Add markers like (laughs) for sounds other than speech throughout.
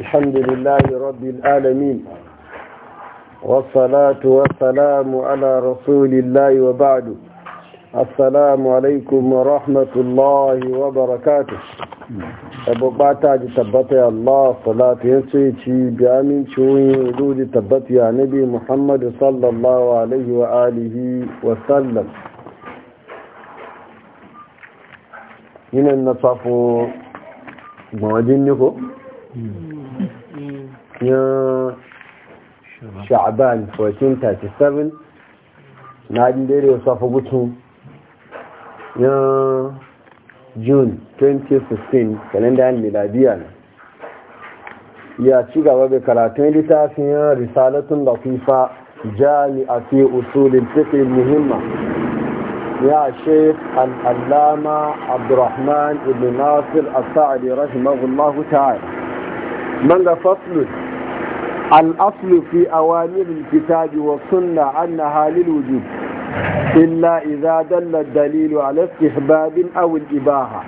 الحمد لله رب العالمين والصلاة والسلام على رسول الله وبعد السلام عليكم ورحمة الله وبركاته أبو باتا جتبت الله صلاة يسيتي بأمين شوين ودود تبتي على نبي محمد صلى الله عليه وآله وسلم من النصف مواجنكم ya sha'aban 1437 na jin daidai wasu afa gutu ya june 2016 kalendar miladiya ya ci gaba da karatun littafin risalatun da jami'a jami'afi usulin fiƙi muhimma ya شيخ alallama abdurrahman الرحمن بن ناصر السعدي رحمه الله من فصل الأصل في أوامر الكتاب والسنة أنها للوجوب إلا إذا دل الدليل على استحباب أو الإباحة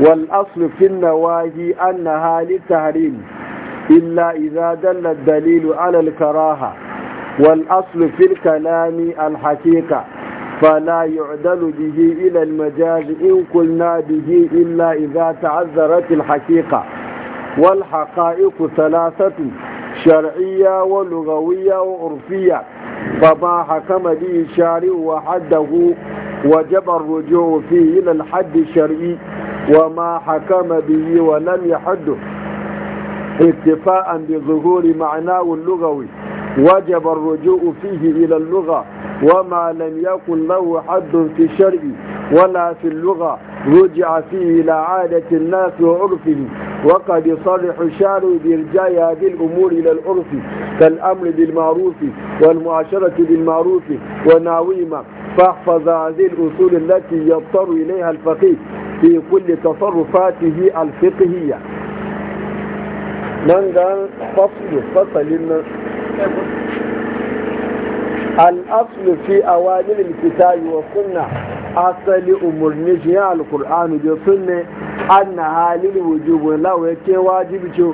والأصل في النواهي أنها للتحريم إلا إذا دل الدليل على الكراهة والأصل في الكلام الحقيقة فلا يعدل به إلى المجاز إن قلنا به إلا إذا تعذرت الحقيقة والحقائق ثلاثة شرعية ولغوية وعرفية فما حكم به الشارع وحده وجب الرجوع فيه إلى الحد الشرعي وما حكم به ولم يحده اكتفاء بظهور معناه اللغوي وجب الرجوع فيه إلى اللغة وما لم يكن له حد في الشرع ولا في اللغة رجع فيه إلى عادة الناس وعرفه وقد يصرح الشارع بإرجاع هذه الأمور إلى العرف كالأمر بالمعروف والمعاشرة بالمعروف ونعويمة فاحفظ هذه الأصول التي يضطر إليها الفقيه في كل تصرفاته الفقهية من قال فصل فصل الأصل في أوامر الكتاب والسنة asali umarni shi ya alkur'anu da sunne an na halin wujubu lawo ya ke wajibi ce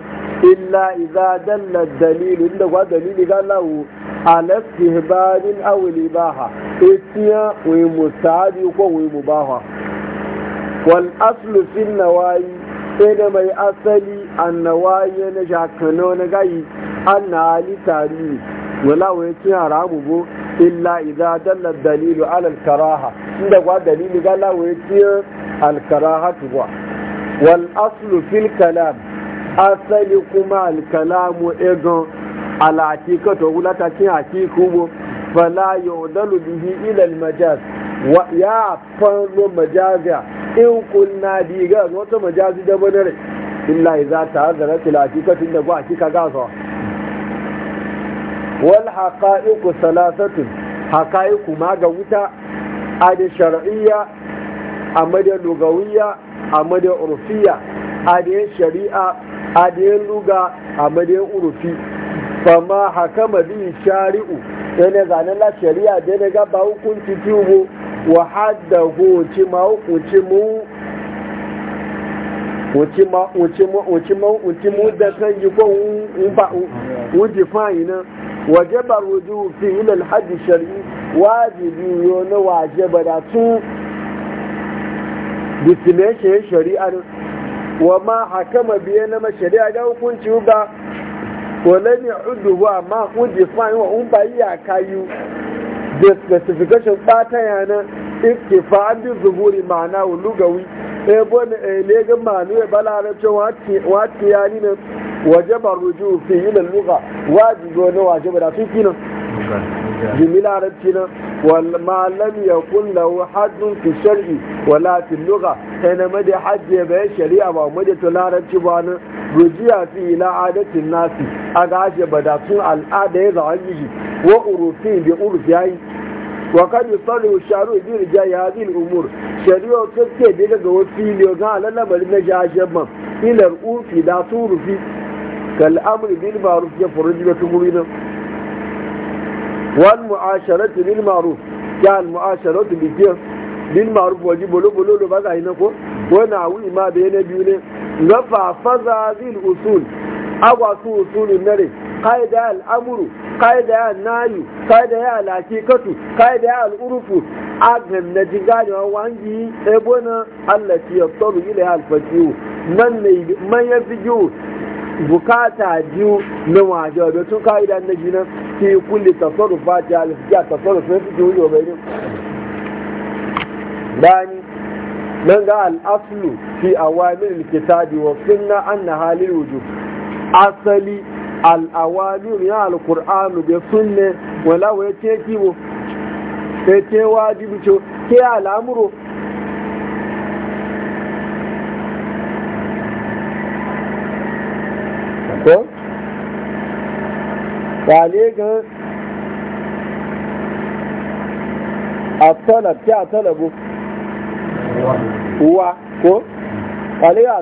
illa iza dalla dalilu inda kwa dalili ga lawo ala istihbarin awli baha itiya wa musabi ko wa mubaha wal aslu fi nawayi sai da mai asali annawayi na shakano na gayi an na hali tarihi wala wa ya ce haramu illa idza dalla dalilu ala al-karaha inda kwa dalil ga lawo yake al-karaha tuwa wal aslu fil kalam asali kuma al kalam egon ala hakika to wulata kin hakiku bo fala yudalu bihi ila al-majaz wa ya fano majaza in kunna diga wato majazi da banare illa idza ta'azzara til hakikatin da kwa hakika ga so wal haqa'iqu salasatun haqa'iqu ma ga wuta a da shar'iyya a da lugawiyya a da urfiyya a da shari'a a da luga a da urfi fama hakama bi shari'u yana zanen la shari'a da daga ba hukunci tubo wa hadda hukunci ma hukunci mu وجب الرجوع فيه إلى الحد الشرعي واجب يون واجب داتو بسميشه شريعة وما حكم بينما شريعة لو كنت يبقى ولم يعده ما wa يفعل ba بأي أكايو the specification ta yana iktifa bi zuburi ma'ana lugawi ebo ne lega ma'anu ya balarabcin wati yani ne وجب الرجوع فيه إلى اللغة واجب واجب رفيق هنا جميل عربتنا وما لم يكن له حد في الشرع ولا في اللغة أنا مدى حد يبقى شريعة ومدى تلارة تبانا رجع فيه إلى عادة الناس أغاش بدأتون العادة يزعجي وأروفين بأروفين وقد يصلي الشارع برجاء هذه الأمور شريعة تبكي بيجا وفي لغة على لما لنجا جبا إلى الأوفي لا تورفي kal'amri bil ma'ruf ya furu jibe tumuri nan wal mu'asharatu bil ma'ruf ya al mu'asharatu bi jiya bil ma'ruf waji bolo bolo ba za yi na ko wani awu ima da yana biyu ne na fafaza zil usul agwa su usulun nare qaida al amru qaida ya nayu urufu na jigani wa wangi ebona allati yaftaru ila al fatihu man man bukata biyu na wajen da tun da na jinan ke kulle ba ta alfiya tasarrufa ya fi wujo bai ne bani nan ga al'aslu fi awamin kitabi wa sunna na halin wujub asali al'awamir ya alkur'anu bai sunne wala wai ya ce kiwo sai ce wajibi ce ke al'amuro ko wale ga a talab ta talabu wa ko wale ga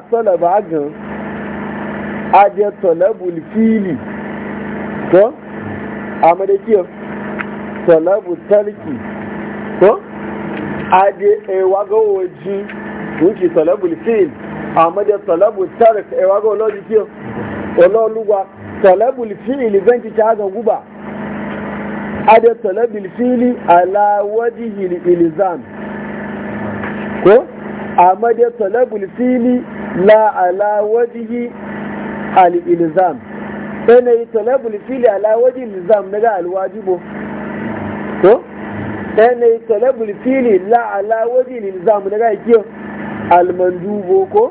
a gan talabul fili ko a madakiyar talabu tarki ko aje ewa ga waji wuce talabul fili a madakiyar talabu ewa ga wajen kiyar olóòlùwà tọ̀lẹ́bùlì fíìlì bẹ́ǹtì tí a zàn gúbà adé tọ̀lẹ́bùlì fíìlì aláwọ́dí ìlìzàm kó àmọ́dé tọ̀lẹ́bùlì fíìlì láàláwọ́dí ìlìzàm ẹnà ìtọ̀lẹ́bùlì fíìlì aláwọ́dí ìlìzàm nígbà alwájúbò kó ẹnà ìtọ̀lẹ́bùlì fíìlì láàláwọ́dí ìlìzàm nígbà ìkíyàn almandubo ko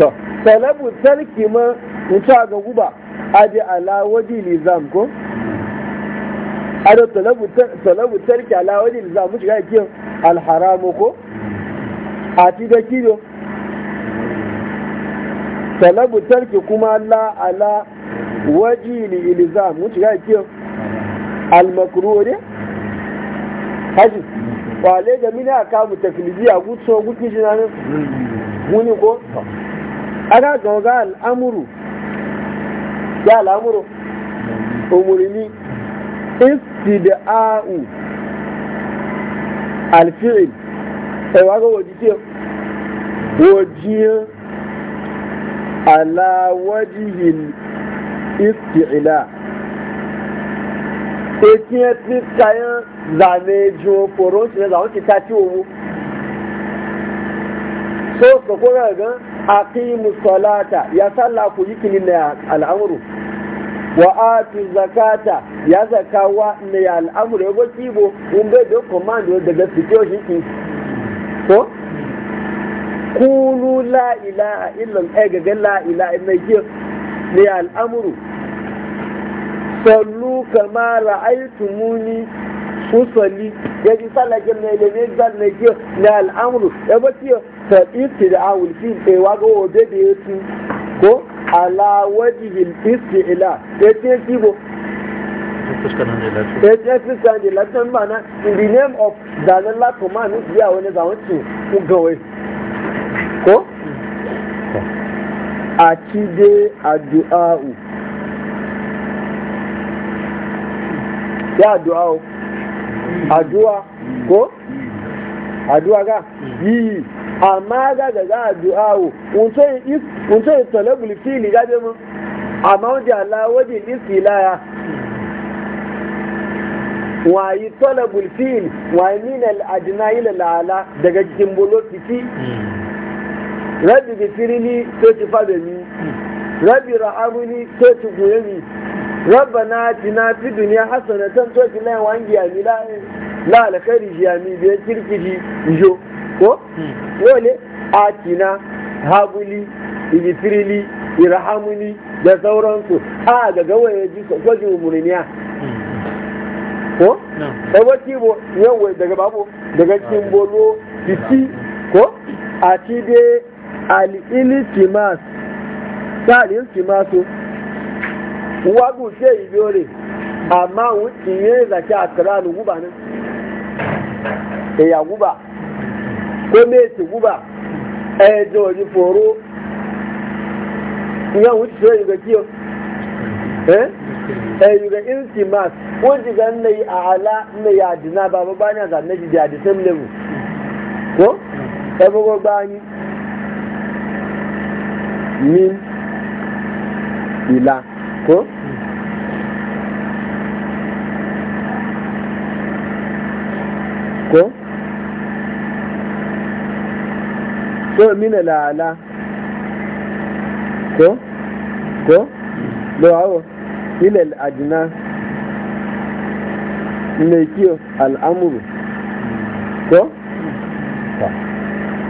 tọ̀lẹ́bù tẹ́lì kìí In a ga guba aji ala wajen lizam ko ada talabu tarki ala wajen lizam mutu shiga kiyo alharamu ko a ti da kiyo talabu tarki kuma la ala wajen lizam mutu ga kiyo almakruh ne haji wale da mini a kamu taklidiya gutsuwa gutsuwa jinanin muni ko ana ga al'amuru ya al'amuru umarni istida'u alfi'il ẹwà gbogbo jíjẹ ala aláwọ́jìyìn isti'ila ekiyar e ti kayan zane jo foro shi ne zawon ki ta ci owo so ka kuma ga aqimu salata ya salla ku yi kini na al'amuru wa ati zakata ya wa ne ya al'amuru ya gwaki bo in bai da komando daga fito shi ki ko Kulu la ilaha illa ai eh, gaga la ilaha illa ki ne ya al'amuru sallu kama ra'aytumuni usali ya ji sallake ne da ne zan ne ki ne al'amuru ya gwaki fa ibtida'ul fi sai eh, wa ga wabe da ko ala wajihin isti'ila ya ce sigo ya ce fuskan da latin mana in the name of zanen latin man biya wani zawanci gawai ko a ci dai addu'a'u ya addu'a'u addu'a ko hmm. addu'a ga hmm. yi amma ga ga ga du'awo unso yi talabul fili gabe mun amma wajen Allah wajen istilaya wayi talabul fil wayi min al adna ila al ala daga cikin bolo fiti rabbi firili to ci fa ni rabbi rahamuni to ci goye ni rabbana atina fi dunya hasanatan to ci lai wangi ya mi la la al khairi ya mi be kirkiji jo ko wale hmm. atina habuli ijifirili Irahamuni, da sauransu a ga gawa ya ji gwajin umurniya ko da wati bo yawa daga babu daga cikin bolo fiti ko a ci dai al-iltimas ta al-iltimasu wagu ce ibiore, amma wuce yin zaki a tsiranin guba nan e ya guba ko meti guba ẹjọ òní fòró ìyá òun ti sọ ìgbà kí o ẹ̀yùgà mas wọ́n ti gan yi ala na yi àdínà ba bá ní àzà méjì di àdísẹ́m Ko kó ẹgbogbo gbá yín ní ìlà ko mina lala ko ko lo awo ila al adna ne kiyo al amru ko hmm.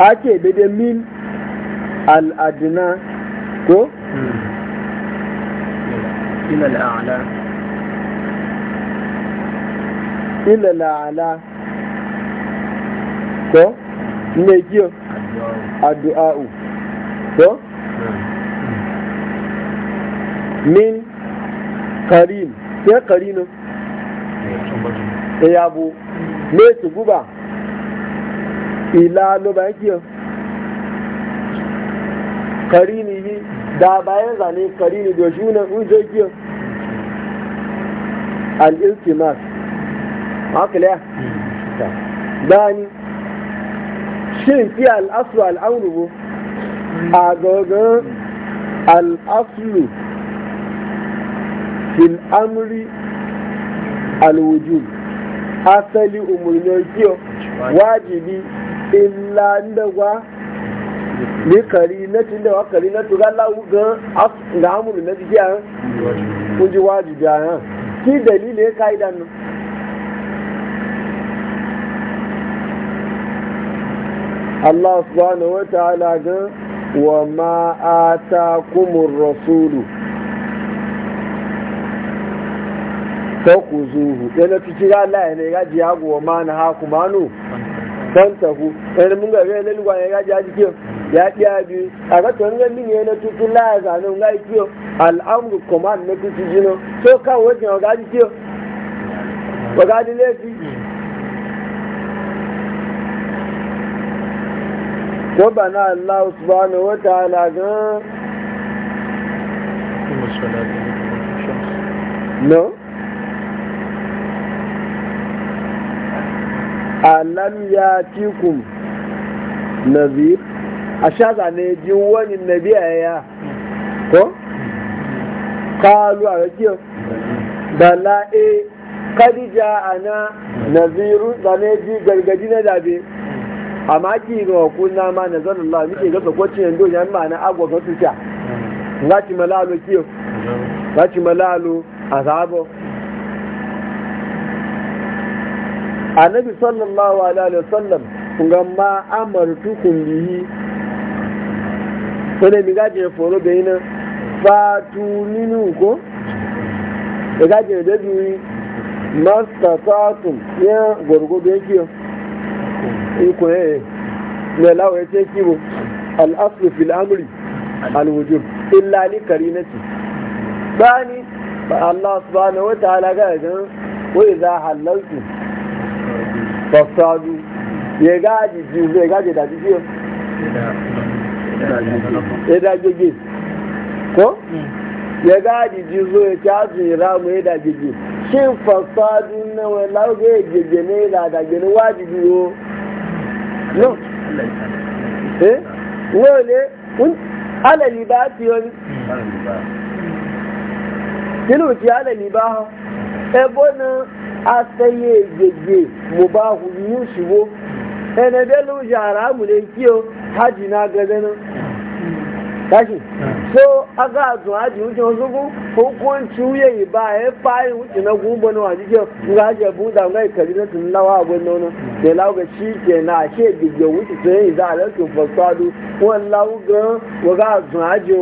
ake dede min al adna ko ila al a'la ila al a'la ko ne kiyo addu'a'u to min karin ya karino eh, ya bu me su guba ila lo ba yake karini yi da bayan zane karini da shi ne un hmm, zai kiyo al iltimas Da ni. shin fi al'aslu al'amru a gagan al'aslu fil amri alwujub asali umarnin kiyo wajibi illa ndagwa ni kari na tun da wakari na tuga lawu ga amuru na jiya kun ji wajibi a yan ki dalilin ya ka'idan nan Allah subhanahu wa ta'ala ga wa ma atakumur rasulu takuzuhu yana tuci ga Allah ne ga ji hagu wa ma na haku manu tantahu yana mun ga ga lelwa ne ga ji haji kiyo ya kiya bi a ga to ngan min yana tuci la ga no ga kiyo al'amru command ne tuci jino so ka wajen ga ji kiyo wa ga ji lefi ko bana Allah subhanahu wa ta'ala gan no alam ya ci kum nazir a shaza ne ji wani nabi a yaya ko kalu a rakiyar bala e kadija ana naziru da ne ji gargaji na dabe amma ki ga ku na ma na zan Allah muke ga sakwacin yando ya ma na agwa ga tuta ngati malalo kiyo ngati malalo azabo annabi sallallahu alaihi wasallam kunga ma amartukum bihi sai mi gaje foro be ina fatu minu ko e gaje da duyi mastata'tum ya gorgo be kiyo iko yaye eh, mai lawa ya ce kiwo al'aslu fil amri alwujub illa li karinati bani ba Allah subhanahu wa ta'ala ga gan wa idza halaltu fasadu ya gaji ji ya gaji da ji ya da gege ko ya ga ji zo ya kaji ramu ya da gege shin fasadu na wala ga gege ne da da gege wajibi yo no eh wole kun ala libati yon kilo ti ala libaha e bona aseye jeje mubahu yushiwo ene belu jara mu ne kiyo haji na gadana kashi ah. so aga azu aji wuce wasu ku hukunci wuye ba ya fayin na na nga aje buda nga ikari na tun lawa abu nono da hmm. lauga shi ke na ashe gige wuce to yi za a lantin fasadu wani lauga waga azu aji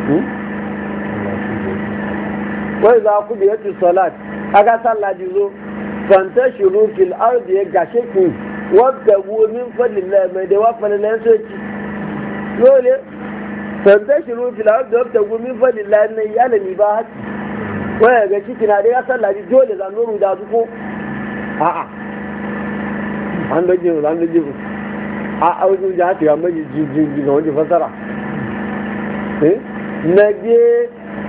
azu wai za ku biya salat aga sallah ji zo fanta shiru fil ardi ya gashe ki wadda bu min fadlillah mai da wa fadlillah so ki dole fanta shiru fil ardi wadda bu min fadlillah ne ya lami ba haki wai ga ciki na da ya sallah ji dole za nuru da su ko a'a an da jin an da jin a aujin jihati amma ji ji ji ga wani fasara eh na je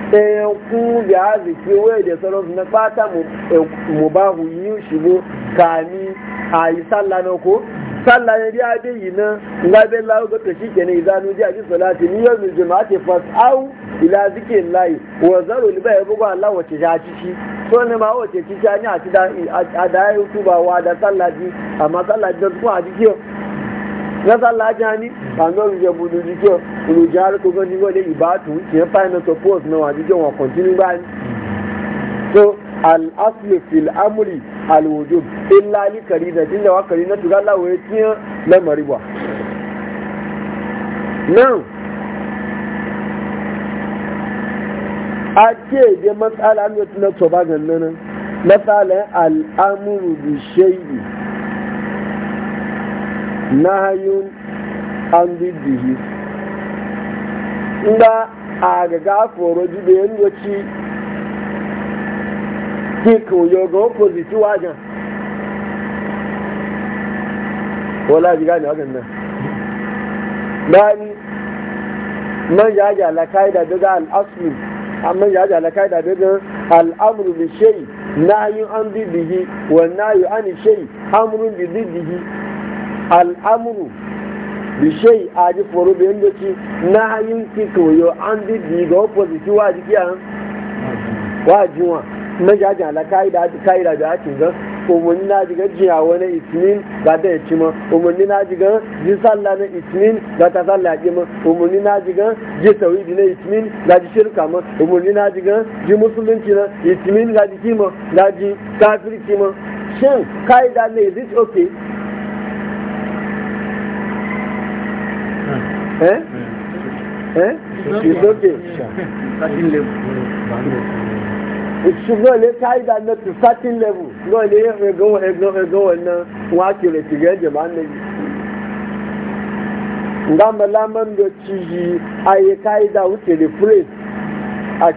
ku bi arziki wai da sauransu na fata e, mu ba mu yi shigo kami a yi sallah na ko sallah na biya bai yi nan nga bai lawo ga to shike ne izanu ji a ji salati ni yau min jama'ati fas'au ila zikirin layi wa zaru liba ya bugu Allah wace ja ciki so ne ma wace ciki an yi a da ya e yi wa da sallah ji amma sallah ji da su a gasa lajani àwọn olùjẹ̀bù olùdíjọ́ ko arókòókò ní wọlé ìbátu ìyẹn final support náà àdíjọ́ wọn continue báyìí so al'aslu fil amri alwujub illa li karina tin da wa karina to galla wa la mariba now ake da matsala an yi tunan tobagan nan matsalan al'amuru bi shay'i nahayun an diddihi nga a gaga foro jibe yin kika yau ga opposite wajen wala ji gane wajen nan bani man ya ji alakai da daga al'aslu amma ya ji alakai da daga al'amuru da shayi nahayun an diddihi wa nahayu an shayi amurin da diddihi al'amuru bishai a ji foro da yadda ci na hanyar kiko yo an di diga opposite wa jiki a wa jiwa na jajin ala ka'ida ka'ida da hakin gan umarni na jiga jiya wani itinin ga da ya ci ma umarni na jiga ji sallah na itinin ga ta sallah ki ma umarni na jiga ji tawhidi na itinin ga ji shirka ma umarni na jiga ji musulunci na itinin ga jiki ma ga ji kafirci ma shin ka'ida na is it okay eh eh it's okay ṣùgbọ́n lè káyidà náà to certain level náà lè ẹgbẹ́ ẹgbẹ́ wọn náà wọn á kéré tìgẹ́ ẹ̀jẹ̀ máa ń lẹ́yìn. nga malaman da ciji a yi ka'ida wuce da phrase a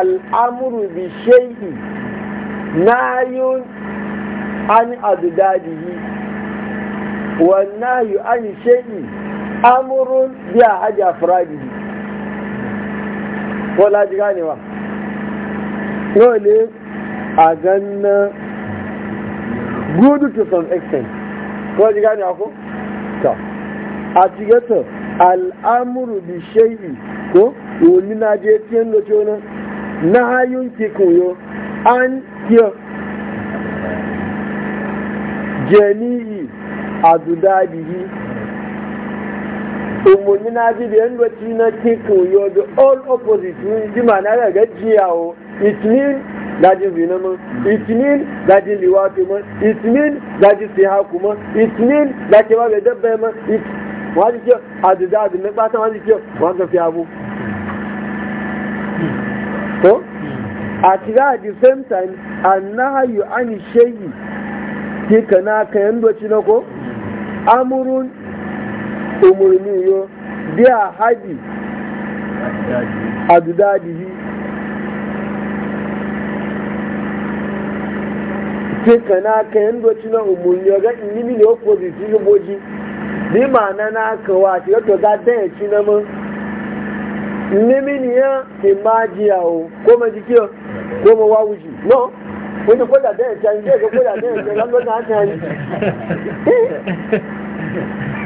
al'amuru bi shai'i na yi an adudadihi wa na yi an shai'i amurun biya hajji a firaji ko laji ganewa dole a ganna good to some extent ko laji ganewa ko? ta a cigato al'amuru bi shayi ko wani na je tiyan da cewa na hayun ke koyo an kiyo jeni'i a dudadihi umarni na ji da yadda ci na kiku yo the all opposite ni ji ma na ga jiya o it mean ma it mean dajin liwato ma it mean dajin sihaku ma it mean dajin wabe dabba ma it wọ́n ti kí ọ àdìdá àdìmẹ́ pátá wọ́n ti kí ọ wọ́n kàn fi the same time annahayu an ṣe yìí na kànáà kan yẹn lọ́tí náà umarni yo biya haji adudadihi ke kana ka yin doci na umarni ga inimi ne opposite shi boji ni ma na na kawa ti to ga dan ci na mun nimi ne ya imajiya o ko ma jikiyo ko ma wawuji no wani da dan ci an je ga kwada dan ci an do na ta ni (laughs)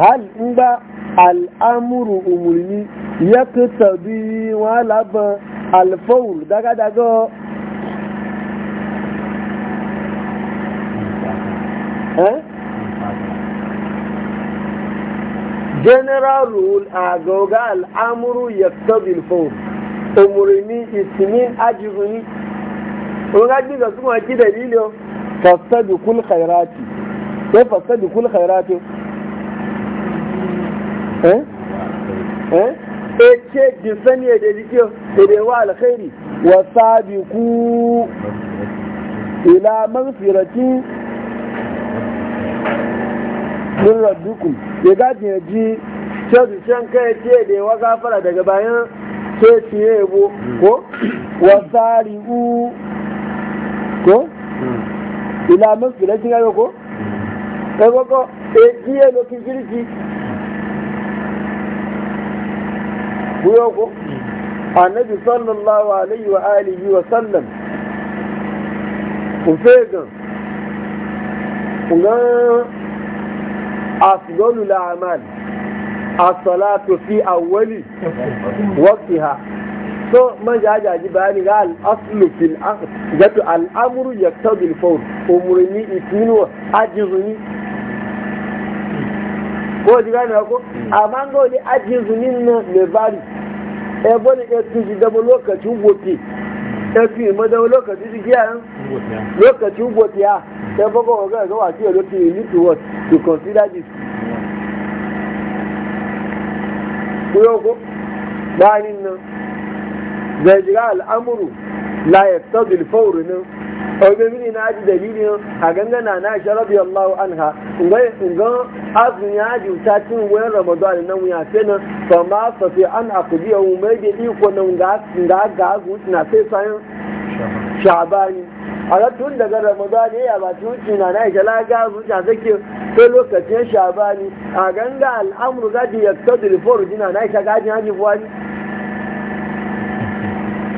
hal in ba al'amuru umarni ya kusa biyu wa labar alfawur daga general rule a goga al'amuru ya kusa bilfawur umarni ismin ajiruni ƙungaji da suna ki dalilin fasta bi kul khairati ya fasta bi kul khairati eh eh e ce disani da jike da wa alkhairi wa sabiqu ila maghfirati min rabbikum ya gaje ji sai kai ce da wa gafara daga bayan sai ciye yabo ko wa sari'u ko ila maghfirati ga ko ko e eh, ji lokacin kirki kuyo ko annabi sallallahu alaihi wa alihi wa sallam ku ku fi awwali waqtiha so man ja jaji bayani ga fil aqd fawr umrini itinu ajizuni ko ne ko amma ngoli ajizuni ebon etu ji dabo lokacin gote etu yi madawa lokacin ji giya lokacin gote ya ta baka waga ga wasu yalo to you ni to what to consider this kuyo ko bayanin nan zai jira al'amuru la ya tsadil oge mini na aji dalilin a ganga na aisha radiyallahu anha ngai ngan azun ya ji ta cin wayan ramadan nan wuya sai nan fa ma fa fi an aqdiya wu mai da iko nan ga ga ga na sai sayan shabani a tun daga ramadan ya ba tuci na na aisha ga ga zuciya take sai lokacin shabani a ganga al'amru gadi yaktadil forjina na aisha gadi haji fuwani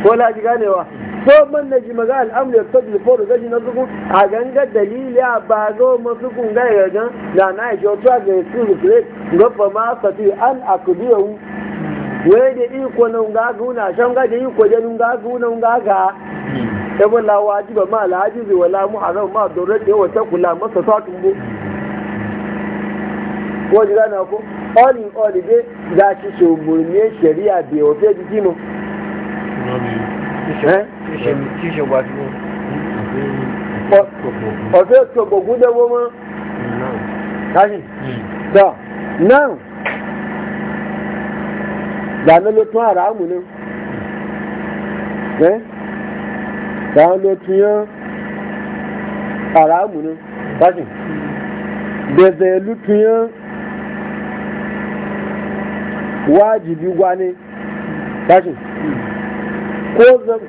ko la ji ganewa so man na ji maga al'amur ya tabi foro gaji na suku a ganga dalili a ba zo masu ga ya na na ya jo ta ga su rufre gafa ma sati an akudiyahu wai da na nga guna shan ga da iko da nga guna nga ga yabo hmm. la wajiba ma la hajibi wala muharram ma dorade wa masa bu ji so ṣe wá sí ọ̀fẹ́ tọ̀gbọ̀ gúdẹ̀ wọ́n mọ́ káṣí tọ́ náà dáná da tún ara mú ní ẹ́ da ló tún yán ara mú ní káṣí bẹ̀bẹ̀ wá ní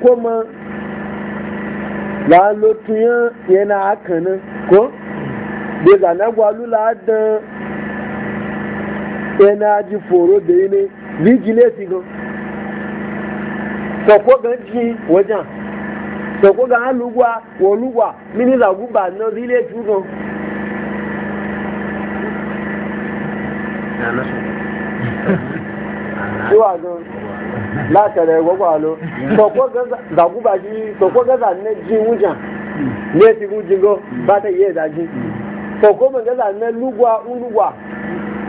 kó mọ́ ba lotuyan yana haka nan ko da zana gwalula da yana ji foro da yi ne vigile si gan sọ̀kọ́ gan jí wọ́jà sako gan alùgbà wọ̀lùgbà mínísà gúgbà na rile tú gan. Ṣé wà gan? látẹ̀rẹ̀ gbogbo àlọ́ sọ̀kọ́gàzà sọ̀kọ́gàzà ní jí wújà ní ẹ̀sìn wújì gan bá tẹ̀ yé ìdájí sọ̀kọ́mọ̀gàzà ní lúgbà ńlúgbà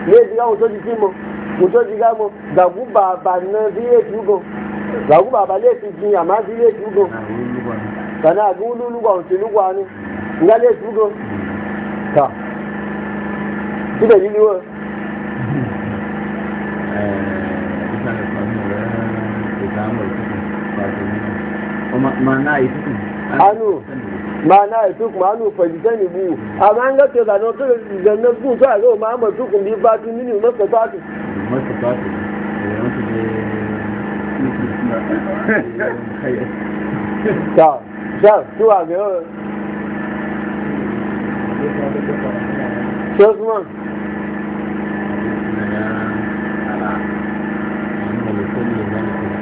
ní ẹ̀sìn gáwọn tó ti sí mọ́ kò tó ti gáwọn gàgú bàbà ní bí ètù gan gàgú bàbà lè fi jin àmá bí ètù kàná àgbọn lúlúgbà òtún lúgbà ni ńgá lè tú gan ta síbẹ̀ nílùú ẹ̀. anu mana ituk manu fajitani bu amma an gato zano a zo ma amma tukun bi ba tun ni masa ba tu eh, eh, eh. masa ba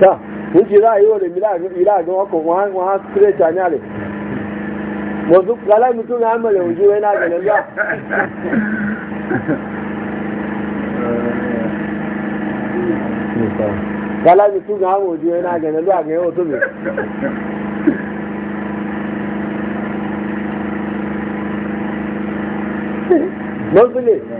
ta wọ́n ti ra ìwọ̀n èmi láàrin ọkọ̀ wọn á àlè tó òjò ẹ̀ náà gẹ̀lẹ́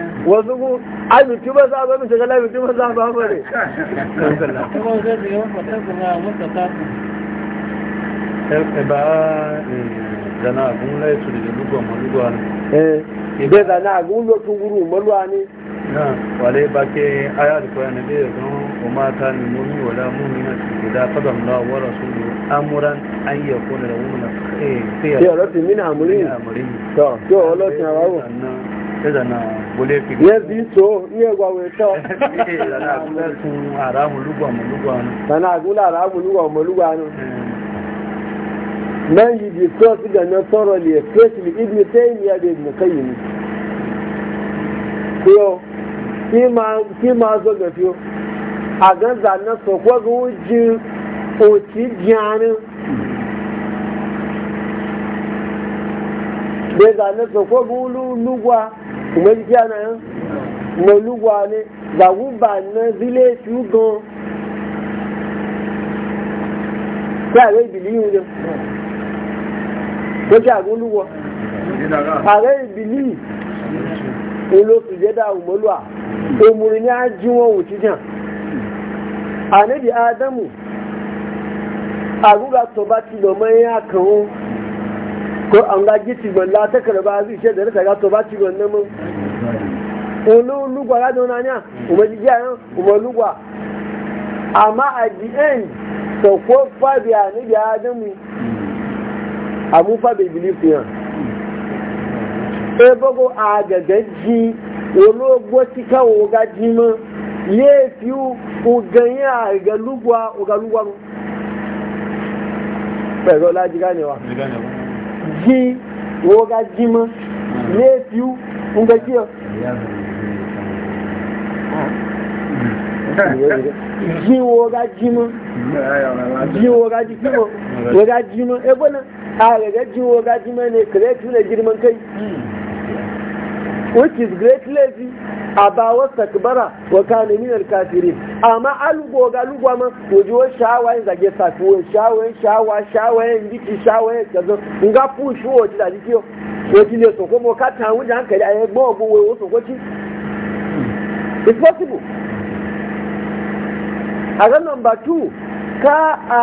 wasu ku ai ba za ba mu shiga lai mutu ba za ba ba ne eh, eh, zana agun lai da lugwa maluwa ne eh, ibe zana agun lotun guru maluwa ne wale ba ke aya da kwaya na bai zan umata ni mumi wala mumi na cikin da fadon na wa rasulu amuran an yi da wani na sai ya rafi min amurin to yau wala yẹ́sì tó ní ẹgbà wẹ̀tọ́ tànà àgúnlá àràmùlúgbà ọmọlúgbà nù nan yi discuss gane thoroughly especially ibn taymiya da ibn qayyim ko ki ma ki ma zo ga fiyo a ga zanna so ko ga uji o ti jani be zanna so ko ga ìwé ti kíá náà mo lúwa ni gbàgbúgbà náà sílé gan kí ààrẹ ìbìlí yìí ni tó kí olúwọ ààrẹ ìbìlí ìlò òmòlúwà òmùrìn ní àjíwọ̀n òtítàn àníbi ádámù àgúgbà tó ti lọ mọ́ ẹ̀yà kan ó ko an ga gici gwalla ta karba zai ce da rasa gato ba ci gwanna mun olu lugwa ya dona ne kuma ji yan kuma lugwa amma a the end to ko fa biya ni biya a mu fa be yan e bogo a ga gaji ti kawo o mu ye fi u ganya ga lugwa o mu pẹ̀lú ọlá jígáni ji woga jima lefiu nga kiyo ji woga jima ji woga jima woga jima ebona a ga ji woga jima ne kare tuna girman kai which is great lazy aba wasta kibara wa kana min al-kafirin amma alugo ga lugwa ma waje wa shawa in zage safi wa shawa shawa shawa in diki shawa in kazo nga push wo da diki waje ne so ko mo ka ta wuja hankali ai gbo gbo wo so ko ci it's possible aga number 2 ka a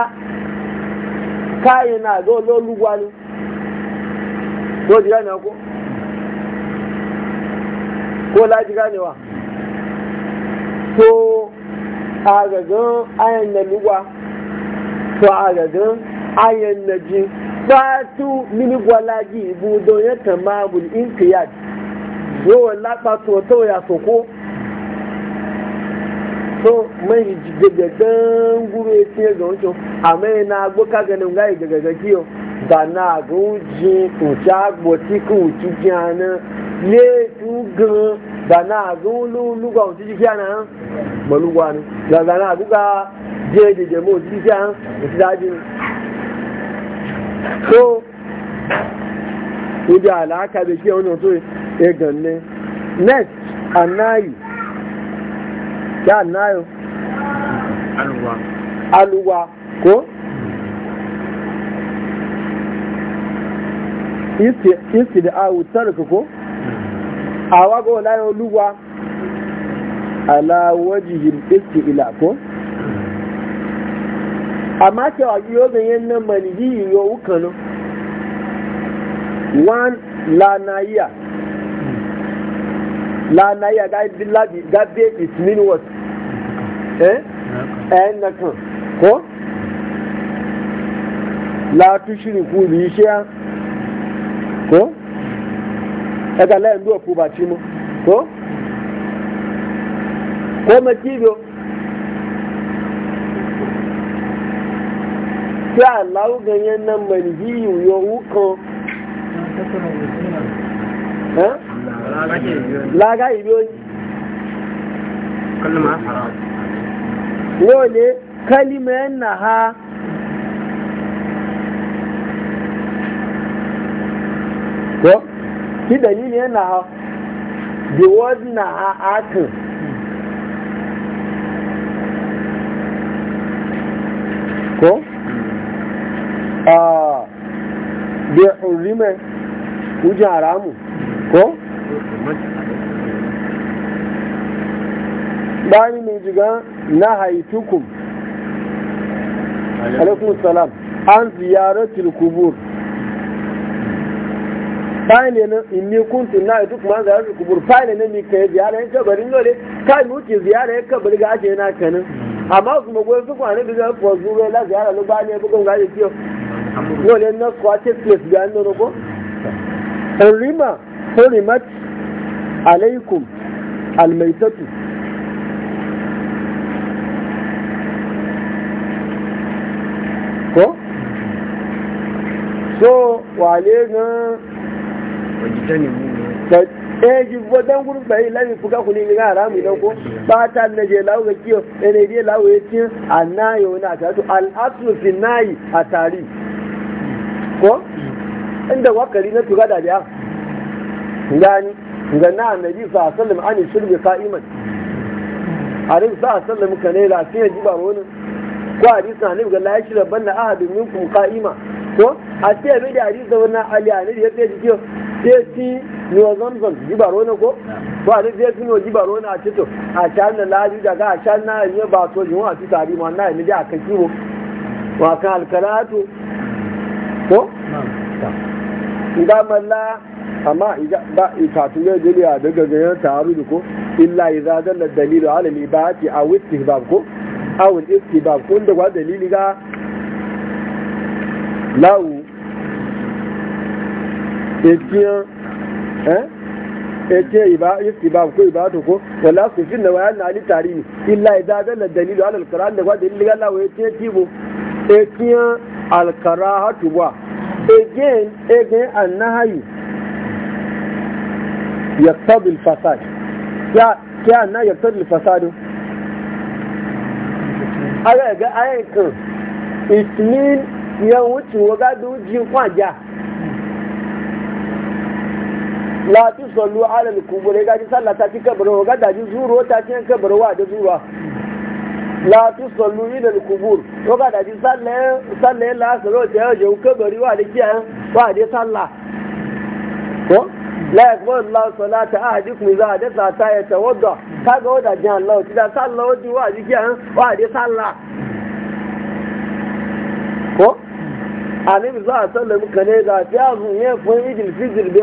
ka yana go lo lugwa ni ko jira na ko ko laji ganewa ko a gagan ayan na lugwa ko a gagan ayan na ji fatu minigwa laji ibu don ya tamabul inkiyat yawan laɓa to ya soko so mai daga dan guru ya ga wancan amma yana gboka daga gakiyo da na guji tuta gboti le gan dana lulu luga o titi fiana maluwa ni ga dana guga je de de mo titi fiana o ti daji so o di alaka be ki ono to e gan ne next anayi ya anayo aluwa aluwa ko isti da awu tarka ko awaga wala oluwa ala wajihi istila ko amma ke wa yo ga yen nan manji yo ukano wan la naya la naya ga billahi ga be it eh na kan ko la tushriku bi shay'an ko daga layin duwa ku ba ci mu ko ko makibiyo tí aláwọ̀ ganyen na mẹ̀lìyí ìwò wúkan lága ìlú yóò lè kalima yana ha kọ́ ki dalili yana ha the word na a atin ko a ah, bi hurime wujen haramu ko bani mai jigan na haitukum alaikun salam an ziyarar kubur fáìlì ẹ̀nà ìní kúntù náà ètò kùmà zàrà rẹ̀ kùbùrù fáìlì ne mi kai ziyara ẹ̀ kẹbẹ̀rẹ̀ ń lọ́lẹ̀ káàmì ó ti ziyara ẹ̀ kẹbẹ̀rẹ̀ ake ṣe náà kẹ̀nà àmọ́ òkùnmọ̀ pé fún kùmà níbi náà pọ̀ zuru ẹ̀ lázìyara ló bá ní ẹ̀ fúnkọ̀ ngáyé tí ó wọ́n lè ná kọ́ àti place bí a ń lọ́nà hurimat aleikum almaitatu ko so wale gan eh ji wadan gurin bai lami fuka kuni ni gara mu dan ko ba ta na je lawo ga kiyo ene eh, je lawo yace annayo na ta to al aslu fi nayi atari ko inda wakari na tuga da biya gani ga na annabi fa sallam ani shirbi qa'iman arin sa sallam ne la sai ji ba wani ko hadisi annabi ga la ya shirban na ahadin minkum qa'ima ko a ce bi da hadisi wannan ali da ya ce kiyo sai ni wa zamzam jibaro ne ko to a zai fi wa jibaro ne a cito a can na lari daga a can na yi ba to jiwon a cito a rima na yi da aka kiwo wa kan alkaratu ko Idan malla amma ba ikatu ne jiri a daga ganyen taru da ko illa ya zagar da dalilu alami ba ce a witti ba ko a isti ba ko da kwa dalili ga lawu etiyan eh? etiyan iba istiba ko iba to ko wala su fin da wayan ali tarihi illa idza dalla dalilu ala alquran da wadi liga la wa etiyan tibo etiyan alkarahatu wa again again annahi yaktabi alfasad ya ya na yaktabi alfasad Aya, ga ayin kan it mean ya wuce waga dujin kwaja la ti sallu ala al-kubur ta ga wa da zuwa la ti sallu ila kubur to ga da ji sallah la sallu ta je kabari wa da kiyan wa da sallah ko la ta jan ti da wa da wa da ko za a sallami kane ga ta zuwa fun idil fizil be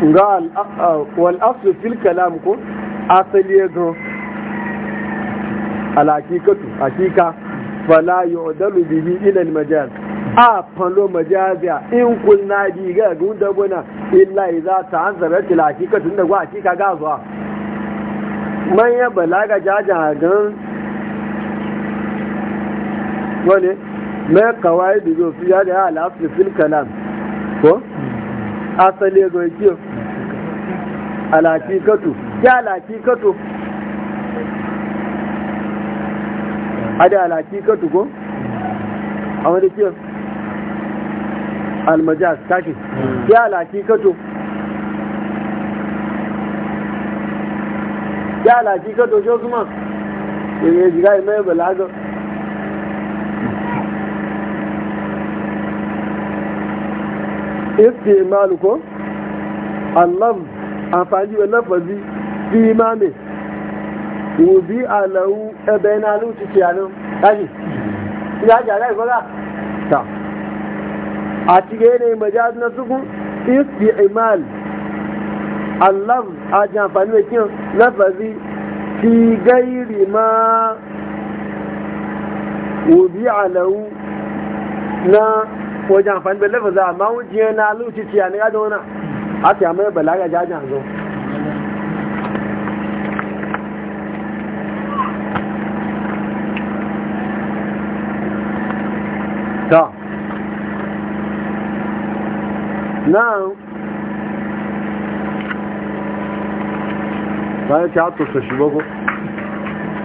ga wal aslu fil kalam ko asali ga al hakikatu hakika fala yu'dalu bihi ila al majaz a falo majaziya in kunna diga gunda buna illa idza ta'azzara ta hakikatu da gwa hakika ga zuwa man ya balaga jajan gan wani mai kawai da yofi ya da ya al'afi fil kalam ko asali ga yake alakikatu ya alakikatu ada alakikatu ko a wani ke almajas tashi hmm. ya alakikatu ya alakikatu shi kuma ya jiga mai balagar istimalu ko allah amfani wa lafazi fi imame wuzi alahu ebe na lutu ti anu kashi ya ji ala ifola ta a cike ne majaz na suku istimal allah a ji amfani wa kiyan lafazi fi gairi ma wuzi alahu na fan amfani da za amma wujiya na lucici ya niga da wani a ta mai balaga jajen zo ta nan bayan ta tusa shi bako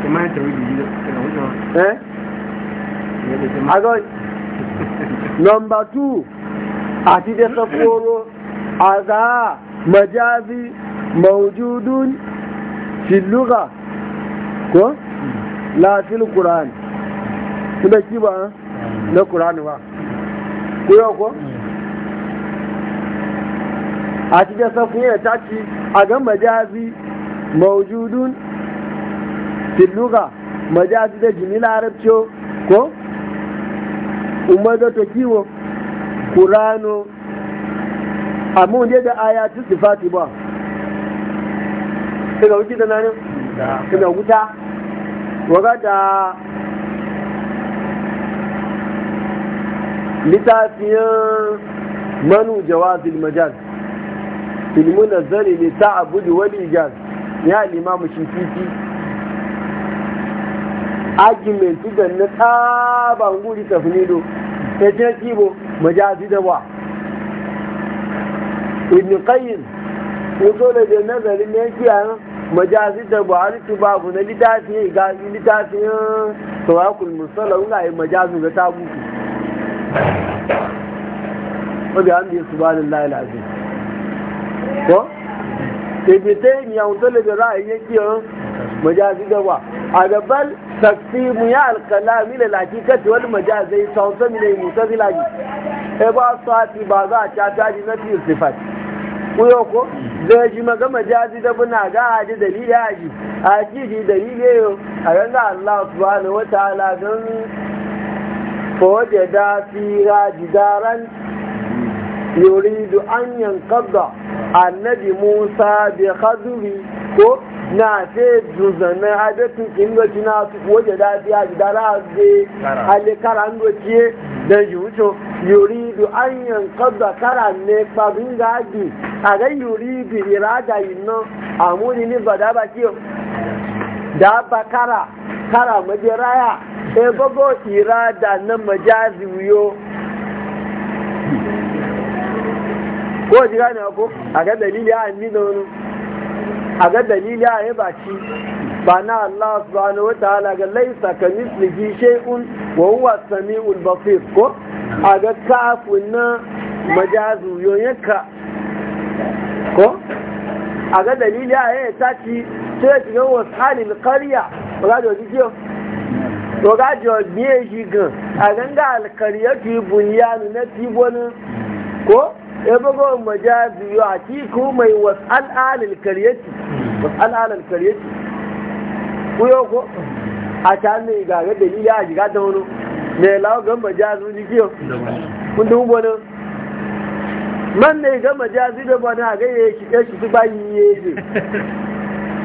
eh agoi number two àti dẹ́sọ̀ kóró àzá majazi mawjudun fi ko la fil qur'an kuma ba na qur'an ba ko ko a cikin safiyar ta ci a ga majazi mawjudun filluga majazi da jimila arabcio ko umar da ta kiwo kurano amma wanda da ayatu sifati ba daga wuce da nanin daga wuta waga da litafiyan manu jawazil majaz ilmu zane ne ta abu da wani ijaz ya limamu shi titi argument da na tsaban guri nido ta ce kibo majazi da wa ibn qayyim wato da da nazari ne kiyan majazi da ba. buhari ci babu na littafin ga littafin sawakul musalla ga yi majazi da tabu ko da hamdi subhanallahi alazim ko ibn taymiya wato da ra'ayi ne kiyan majazi da wa a gaban taksimu ya alkala mila lakikati wani majaz zai sauta mila yi musa zilaji e ba su hati ba za a cata ji na fiye sifat kuyo ko zai ji maga majazi da buna ga haji dalili haji a ji dalili yau a ranga allah subhanahu wa ta'ala don فوجد فيها جدارا يريد أن Musa النبي موسى ko. na fe zuzanne abe tuki ngoci na tuku waje dafi a gidara aze alikara ngoci da yuri yuridu an yankadda kara ne kpabin gadi a ga yuridu irada yinno amuri ni ba da ba kiyo da ba kara kara majiraya e gogo irada na majazi wuyo ko ji gane ko a ga dalili a ni da wani a ga dalili a yi baci ba na Allah subhanahu wa ta'ala ga laisa ka mislihi shay'un wa huwa samiul basir ko a ga kafin na majazu ka ko a ga dalili a yi ta ci sai ki ga wasu halin karya ba za da jiyo to ga jiyo biye shi gan a ganga alkariyar ki bunyanu na tibonin ko ya bugo majazi yo a tiku mai wasal alil karyati wasal alil karyati ku yo ko a can ne ga ga dalili a jiga da wani ne lawo ga majazi ji kiyo kun dubu bono man ne ga majazi da bono a ga ye shi ke shi ba yi ye shi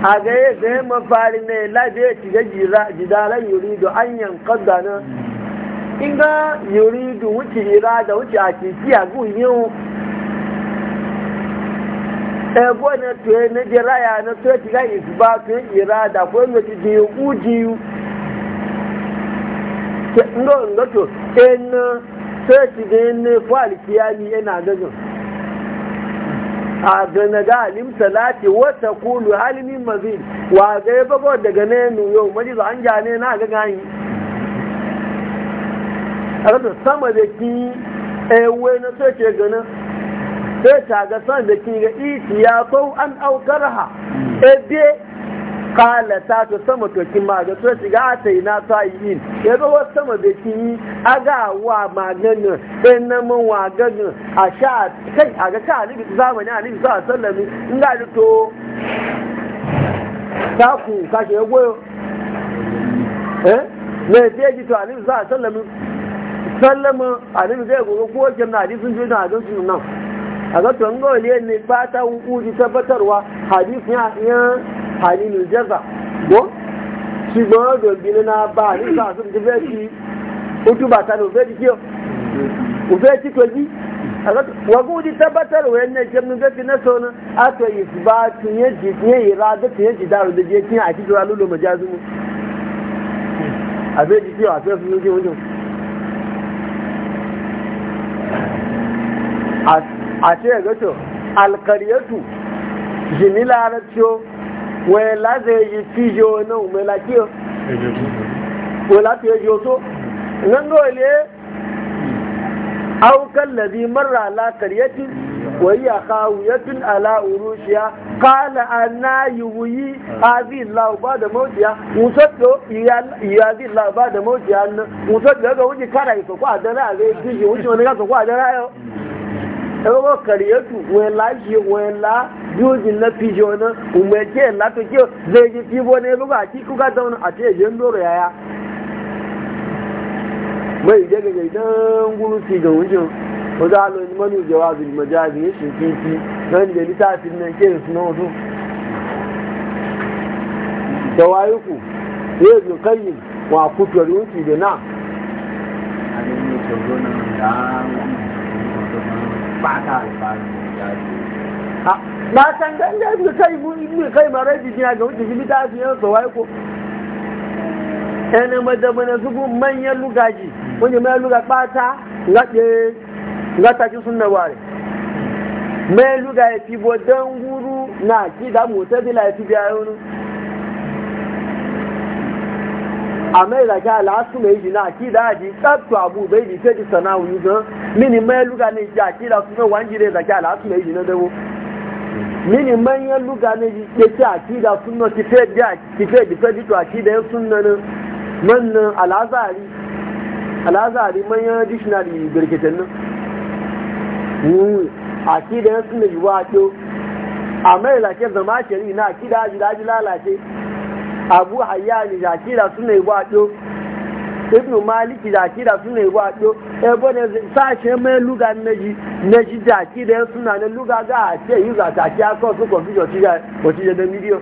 a ga ye ma mafari ne la je ti ga jira jidalan yurido an in na inga da wuce irada wuce a kiki a gun yau ebo na tuye na jiraya na tuye tiga isba tuye irada ko na ti jiyu ujiyu ndo ndo to en tuye tiga en fali kiyami ena gajin a gana ga alim salati wata kulu halimin mazin wa ga ya bago daga na yanu yau maji za an jane na ga gani a sama da ki ewe na tuye ke gana. sai ta ga san da ki ga iti ya sau an aukar ha ebe kala ta to sama to kin ma ga to shiga ta na ta yi yin ya ga wasu sama da ki yi aga wa maganin sai na mun wa ganin a sha kai a ga ka alibi zamani alibi sa sallami in ga to ta ku ka ke goyo eh ne sai ji to alibi sa sallami sallama alibi zai gogo ko kin na hadisin jina hadisin nan a ga tongo ne tabbatarwa ya iya jaza shi ba na ba ni sun ji ba ta no u to ji a ga waguji tabbatarwa yanne jami'in na sona a to isbatu ji ne irada ta ji daru da je kin a ji lulu a a ji a ce ga to alkaryatu jimila na wai la zai yi cijo na umela kiyo wai la fiye jiyo nan dole aukan lazi marra la karyatin وهي خاوية على عروشها قال أنا يوي هذه الله بعد موتها وصدق هذه الله بعد موتها a هذا وجه كارا يسوق هذا لا يجي وجه a هذا yau? ẹwọ́ kàríyẹ́tù wọ́n láṣẹ wọ́n lá bí ó ti ná fi ọ̀nà kí ó zai yi fi wọ́n ní lúgbà àti kúkà tán àti ẹ̀jẹ̀ ń lòrò yáyá. bai je ga idan guru ci ga wujin ko za lo ni manu jawabin majazi shi kiti dan da litafin nan ke su nawo to wa na bata na san ganga su kai mu ne kai ma jiya ga wuce shi ta su yan sawai ko ene madama na zubu manyan lugaji wani mai luga bata ngade ngata ji sunna ware mai luga ya fi bodan guru na ki da mota bila ya fi biya yau amma idan ka al'asu mai jina akida di tsattu abu bai ji sai sana wuyu gan mini mai luga ne ji akida su mai wanji da zaki al'asu mai jina dawo mini manyan luga ne di ke ci akida sunna ki fe ji ki fe ji fe ji to akida ya sunna nan man nan al'azari al'azari manyan dictionary birkitan nan hmm, akida ya sunna ji wa to amma idan ka zama shari'a na akida ji da ji lalace abu da zakira suna yi wato ibnu maliki da zakira suna yi wato ebo ne sashe mai luga da naji zakira e suna ne luga ga a ce yi za ta kiya ko su kofi wace da miliyo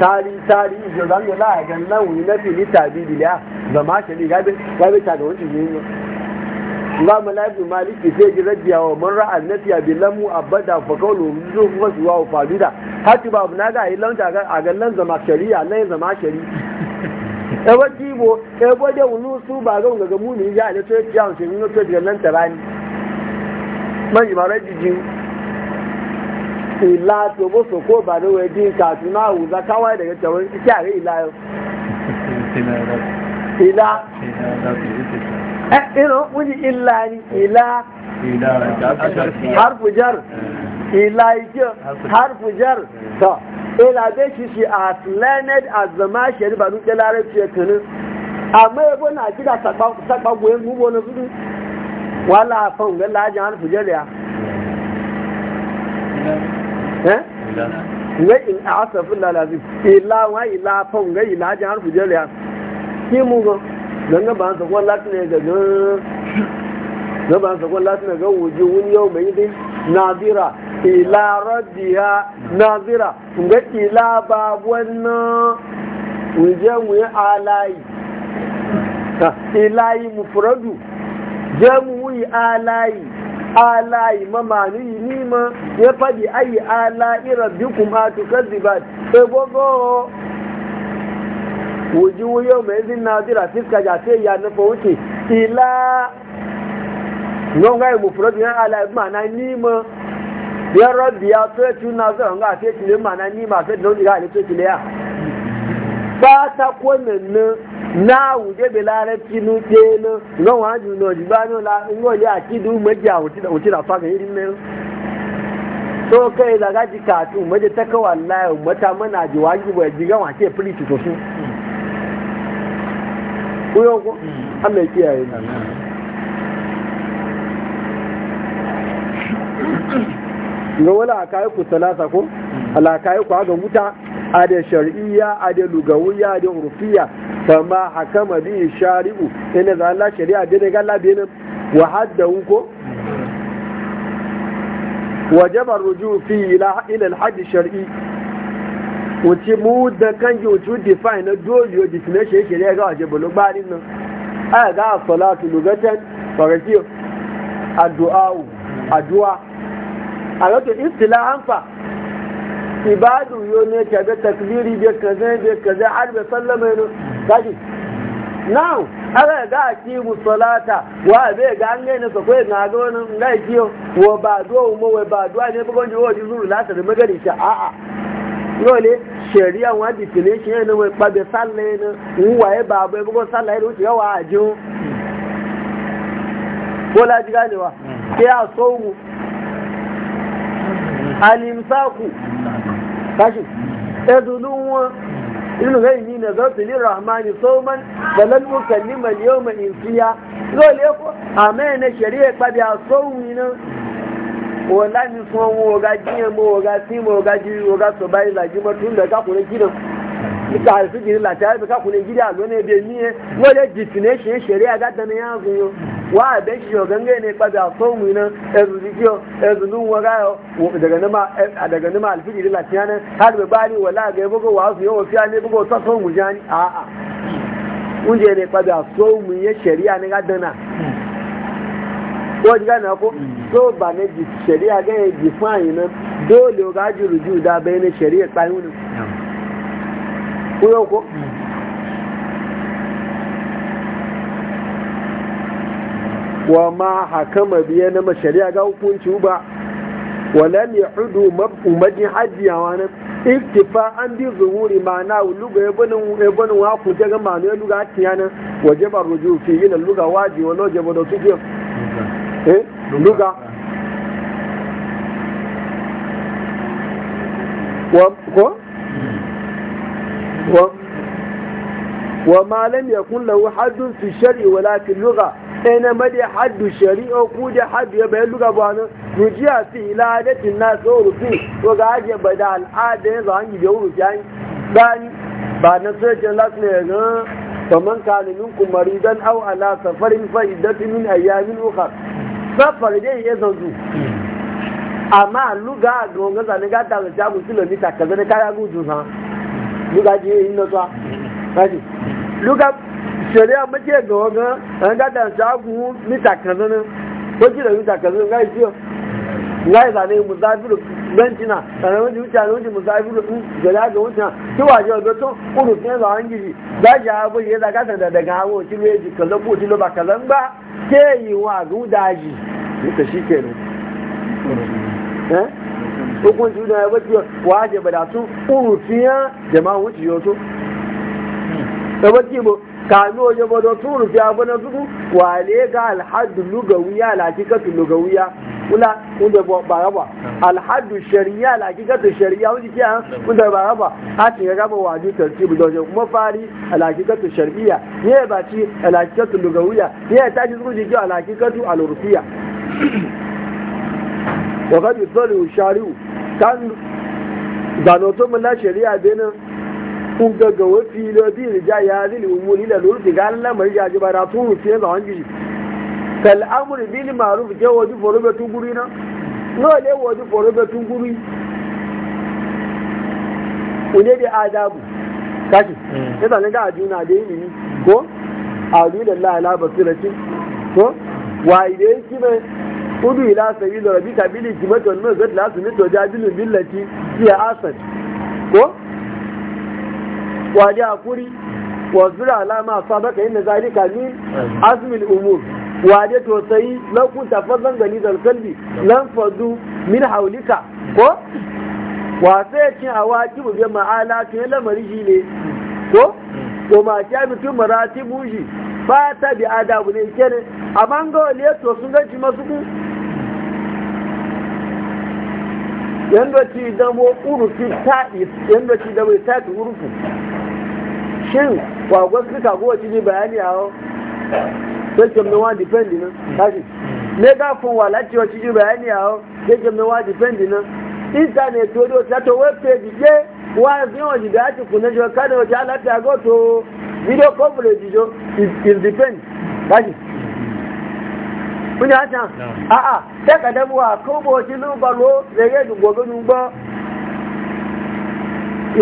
tari tari ijo zan yi la'agan nan wuni na fili tabi biliya zama shi ne gabe gabe ta ga wancin yi mu Nafi Maliki sai ji rajiya wa man ra'a nafiya bi lamu abada fa qawlu yuzu fa wa fadida hati ba na ga ilan ta ga a gallan zama shari'a nan zama shari'a e wati bo e gode wulu su ba ga ga ga muni ya ne to ya ce yi to ga nan tarani man ma ji ila to bo so ko ba da wai din ka tuna wu zakawai daga tawon ki a ila (laughs) ila Eh, irin wani illa ni ila harfu jar eh. ila yake harfu jar eh. to ila dai shi shi as learned as the mashari ba nuke larabci ya tunin amma yabo na gida sakpagwoyin gugu na zudu wala hafan ga lajin harfu jar ya eh ne in asafin lalazim ila wa ila ga ila harfu jar ya ki mu go don gaba an sakon latin ne ga gaba an sakon latin ga wuji wun yau mai yi nazira ila nazira ga ila wuje mu yi alayi ilayi yi alayi alayi mamani nima ya faɗi ayi alayi rabbikum ebogo wujuhu yau mai zin nazira fiska ja sai ya nufa wuce ila non ga mu furo ya ala ma na ni ma ya rabbi ya to tu nazira ga sai ti ma na ni ma sai don ga ne to ne ya ba ta ko nan na wuje be lare tinu je no ga wa ju no jiba no la ngo ya ti du ma ja wuti da wuti da fa ga irin ne so kai da ga ji ka tu ma je ta ka wallahi mata mana ji wajibi ga wa ke fili to su ku yau hmm. Allah ya kiyaye ga wala ku salasa ko hmm. ala kayi ku aga wuta a da shar'iyya a da lugawiyya a da urfiyya kama hakama bi shari'u ina za Allah shari'a bi ne galla bi ne wa haddahu ko hmm. wajaba rujufi ila ila al-hadd shar'i wuce mu da kanji wuce define na dojo definition shari'a ga waje bulu bari nan aya ga salatu lugatan farasiyo addu'a addu'a a wato istilahan fa ibadu yo ne ta ga takbiri je kaza kaza kaji mu wa na ga wa ba ba ne ta a'a lóòlé ṣẹ̀rí àwọn àdìsílẹ̀ ṣe ẹni wọn pàdé sálẹ̀ ẹni ń wà ẹ bá abọ́ ẹgbẹ́ sálẹ̀ ẹni ó ti yọwọ́ àjò wọ́n lájú gáàdì wa kí a sọ òwò alimsaku káṣí ẹdùnú wọn inú rẹ̀ ní nàzọ́ tìlí rahmani sọ́man pẹ̀lú mùsùlùmí mẹ́lẹ́ọ̀mẹ́ ìfìyà lóòlé kọ́ àmẹ́ ẹni ṣẹ̀rí ẹ̀ pàdé àsọ́wù náà wola mi fún ọmọ ọ̀gá jíyàn mọ́ ọ̀gá tí mọ́ ọ̀gá jí ọ̀gá sọ̀bá ilà jímọ̀ tún lẹ̀ kákùnrin jídàn nípa àrífí jìnnì láti àrífí kákùnrin jídì àlọ́ ní ebi èmi yẹn wọ́n lè jì tì ní ṣe é ṣeré agádàní yá fún yọ wà á bẹ́ ṣiṣẹ́ ọ̀gángẹ́ ní padà sọ́ọ̀mù iná ẹ̀sùn ti kíọ ẹ̀sùn ló ko ji gane ko so ba ne shari'a ga ya ji fayi nan dole ga ji ruju da bai ne shari'a tsayi wani wa ma na shari'a ga hukunci ba ولم يحدوا مبقومة حدي وانا اكتفاء عن ظهور معناه اللغة يبنوا يبنوا واقو جاغا معناه اللغة اتيانا وجب الرجوع فيه اللغة Eh, ko wa ma lam yakun lahu haddun fi shar'i walakin lugha ina madi haddu shari'a ko da haddu ya bayan lugha ba nan rujiya fi ila nas wa rufi to gaje aje bada al'ada zan yi da rufi an dan ba na sai ce lak ne ga faman kana minkum maridan aw ala safarin fa iddatin min ayamin ukhra safari dai ya zanzu amma luga gonga zane ga ta da jago kilomita kaza ne kaya gudu ha luga ji yin na sa kaji luga shari'a muke gonga an ga ta da jago mita kaza ne ko kilomita kaza ne ga ji ya yi zane muzafiru bentina tare wajen wuce da wajen muzafiru in mm, gada ga wuce ki waje shi goto kuru fiye da an gidi za ki abu ya zaka ta da daga hagu ki lo ji kaza ko ti lo ba kaza ba ke yi wa gudaji duka shi ke nan eh? hukunci da ya baki waje ba da su kuru fiye jama'a wuce yoto da baki ba kanu waje ba da turu fiye abu na zuku wale ga alhadu lugawiya lakikatu lugawiya kula wanda ba raba hmm. alhaddu shari'a la hakikatu shari'a wanda ke an wanda ba raba a ce raba waju tartibu da wajen kuma fari alhakikatu shari'a ne ba ci alhakikatu lugawiya ne ta ji zuci ke alhakikatu alurfiya (clears throat) wa kad yusallu shari'u kan zano to shari'a benin kun gaggawa filo bi rija ya zili umuri da lurfi ga Allah mai jaji ba da tun kal amru bil ma'ruf je waji foro be tunguri na no le waji foro be tunguri ule da adabu kashi mm. sai da ga ajuna da ni ko adu da la la basirati ko wa ide kibe udu ila sabili rabbika bil hikmati wal mawzat la tusmitu jadilu billati ya asad ko wa ja kuri wa zura alama sabaka inna zalika min azmil umur wade to sai lakun tafazan gani da kalbi lan fadu min haulika ko wa sai kin awaki bu ga ma'ala to yana mariji ne ko ko ma ta mutum marati shi ba ta bi adabu ne kene amma ga wale to sun ga ji masu ku yanda ci da mo urufi ta yanda ci da mai ta urufi shin wa gwasu ka ci bayani a lẹ́kẹ̀m ni wọ́n dìpẹ́ndì náà káàkiri mẹ́gà fún wa láti ọtí ju bẹ̀rẹ̀ ní àwọn lẹ́kẹ̀m ni wọ́n dìpẹ́ndì náà íńtánẹ̀tì odò sẹ́tọ̀ wẹ́pẹ̀ẹ́dì jẹ́ wọ́n á fi hàn jìdá àti kùnà jọ kánà ọjà láti àgọ́tò video coverage jọ is depend káàkiri. Kun ya can? A'a, sai ka damu a kan boki lubalo da yadda gobe nugbọ́.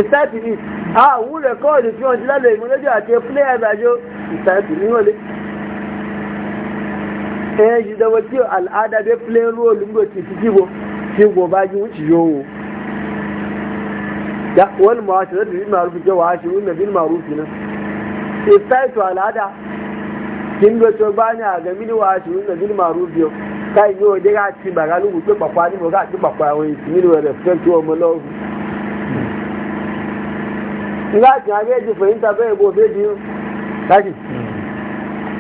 Ìsáàtì ni, a ah, ah. wúlẹ̀ kọ́ọ̀lù ah, fi hàn jìlá lè mú lójú àti fúlẹ̀ àgbàjọ. Ìsáàtì ni wọ́n eh shi da wace al'ada bai play role ngo ti ti bo ti go ba ji wuci yo da wal mu'asharatu bil ma'ruf jawa shi wannan bil ma'ruf na sai to al'ada kin go to ba ni ga mini wa shi wannan bil ma'ruf yo kai yo de ga ci ba ga lu pe papa ni mo ga ti papa wani su mini wa respect to mo love nga ti age ji fahimta bai go be ji hmm.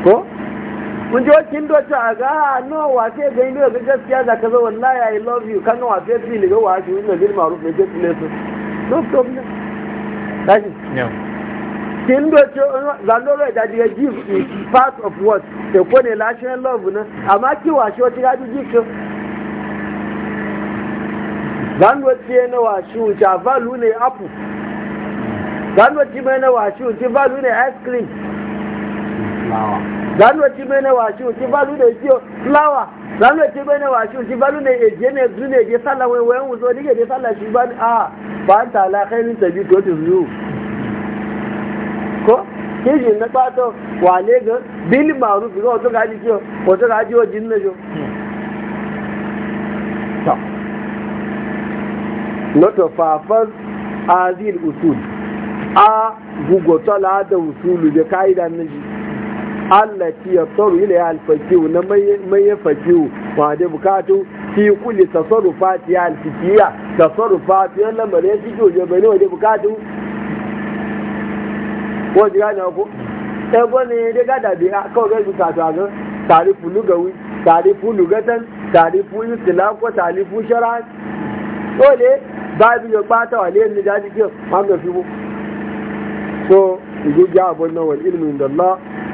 ko kun ji wakin doce a ah, ga no wa sai ga ilo ga gaskiya za ka zo wallahi i love you kan wa sai fili ga wa shi wannan bil ma'ruf ne just tule so no problem daji kin doce za no ro da diga give part of what The ko ne lashin love na amma ki wa shi wata ga ji ki dan doce ne wa shi wuta value ne apple dan doce mai na wa shi wuta value ne ice cream Wow. zanu ti ne wa shi ti balu ne ti lawa zanu ti ne wa shi ti balu ne e je ne zu ne je sala we we wuzo ni je sala shi ba a ba ta la khairin tabi to ti zu ko ke je na ba to wa le ga bil ma'ruf ga to ga ji ko ko to ga ji o jin ne jo Noto fàáfán azil usul a gugotola da usulu da ka'ida na shi allati yaftaru ila al-faqihu na mai ya faqihu wa da bukatu fi kulli tasarrufati al-fiqhiyya tasarrufati lamar ya fiqhu je bai ne da bukatu ko ji gane ko e eh, go ne da gada bi ko ga bukatu a ga tarifu lugawi tarifu lugatan tarifu istilah ko tarifu shar'a dole babu yo pata wa le ni daji ke ma ga fi so igu ja abun nan wal ilmu inda Allah